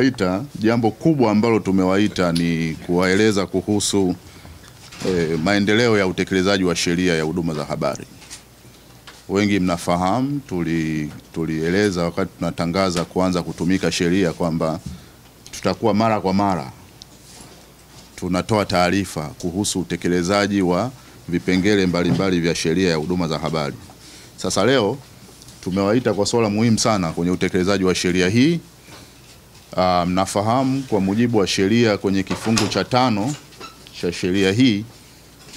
tumewaita, jambo kubwa ambalo tumewaita ni kuwaeleza kuhusu eh, maendeleo ya utekelezaji wa sheria ya huduma za habari. Wengi mnafahamu tuli, tulieleza wakati tunatangaza kuanza kutumika sheria kwamba tutakuwa mara kwa mara tunatoa taarifa kuhusu utekelezaji wa vipengele mbalimbali vya sheria ya huduma za habari. Sasa leo tumewaita kwa swala muhimu sana kwenye utekelezaji wa sheria hii Mnafahamu um, kwa mujibu wa sheria kwenye kifungu cha tano cha sheria hii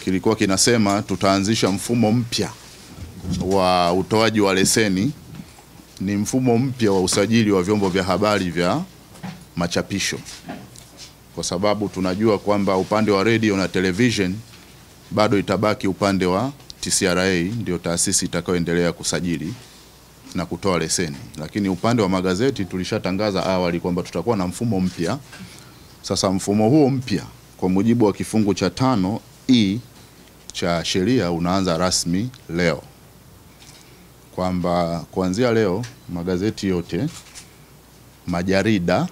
kilikuwa kinasema tutaanzisha mfumo mpya wa utoaji wa leseni. Ni mfumo mpya wa usajili wa vyombo vya habari vya machapisho, kwa sababu tunajua kwamba upande wa redio na television bado itabaki upande wa TCRA, ndio taasisi itakayoendelea kusajili na kutoa leseni. Lakini upande wa magazeti tulishatangaza awali kwamba tutakuwa na mfumo mpya. Sasa mfumo huo mpya kwa mujibu wa kifungu cha tano i e cha sheria unaanza rasmi leo, kwamba kuanzia leo magazeti yote, majarida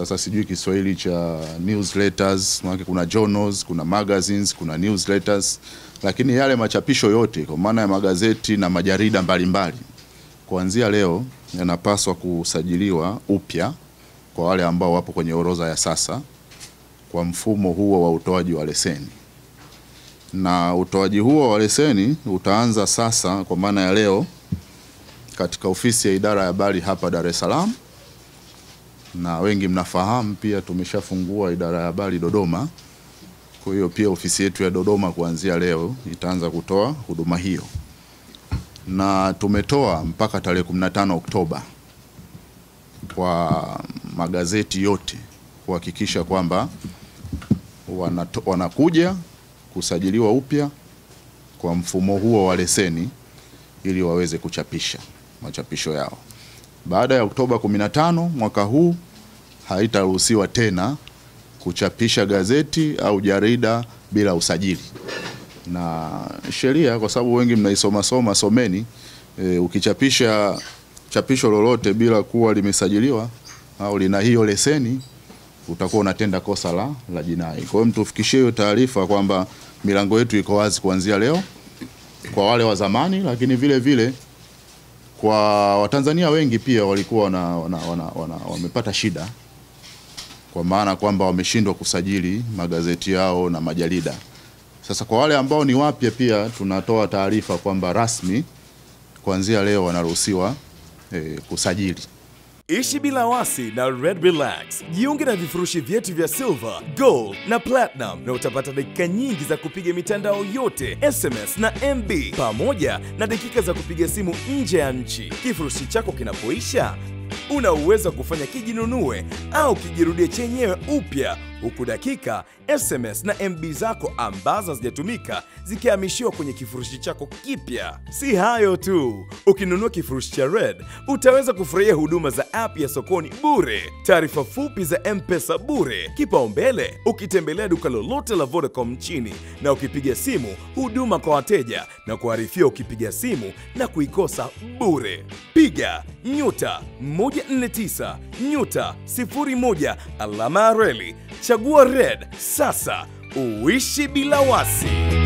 sasa sijui Kiswahili cha newsletters, maana kuna journals, kuna magazines, kuna newsletters, lakini yale machapisho yote kwa maana ya magazeti na majarida mbalimbali kuanzia leo yanapaswa kusajiliwa upya kwa wale ambao wapo kwenye orodha ya sasa kwa mfumo huo wa utoaji wa leseni na utoaji huo wa leseni utaanza sasa kwa maana ya leo katika ofisi ya idara ya habari hapa Dar es Salaam na wengi mnafahamu pia tumeshafungua idara ya habari Dodoma. Kwa hiyo pia ofisi yetu ya Dodoma kuanzia leo itaanza kutoa huduma hiyo, na tumetoa mpaka tarehe 15 Oktoba kwa magazeti yote kuhakikisha kwamba wanato, wanakuja kusajiliwa upya kwa mfumo huo wa leseni ili waweze kuchapisha machapisho yao baada ya Oktoba 15 mwaka huu haitaruhusiwa tena kuchapisha gazeti au jarida bila usajili. Na sheria kwa sababu wengi mnaisoma soma, someni e, ukichapisha chapisho lolote bila kuwa limesajiliwa au lina hiyo leseni utakuwa unatenda kosa la, la jinai. Kwa hiyo mtufikishie hiyo taarifa kwamba milango yetu iko wazi kuanzia leo kwa wale wa zamani, lakini vile vile kwa Watanzania wengi pia walikuwa wana, wana, wana, wana, wamepata shida kwa maana kwamba wameshindwa kusajili magazeti yao na majarida. Sasa kwa wale ambao ni wapya pia tunatoa taarifa kwamba rasmi kuanzia leo wanaruhusiwa eh, kusajili. Ishi bila wasi na Red Relax. Jiunge na vifurushi vyetu vya silver, gold na platinum na utapata dakika nyingi za kupiga mitandao yote, SMS na MB pamoja na dakika za kupiga simu nje ya nchi. Kifurushi chako kinapoisha una uwezo wa kufanya kijinunue au kijirudie chenyewe upya, huku dakika, SMS na MB zako ambazo hazijatumika zikihamishiwa kwenye kifurushi chako kipya. Si hayo tu, ukinunua kifurushi cha Red utaweza kufurahia huduma za app ya sokoni bure, taarifa fupi za mpesa bure, kipaumbele ukitembelea duka lolote la Vodacom nchini, na ukipiga simu huduma kwa wateja na kuharifiwa ukipiga simu na kuikosa bure piga nyuta 149 nyuta 01 alama ya reli, chagua red sasa, uishi bila wasi.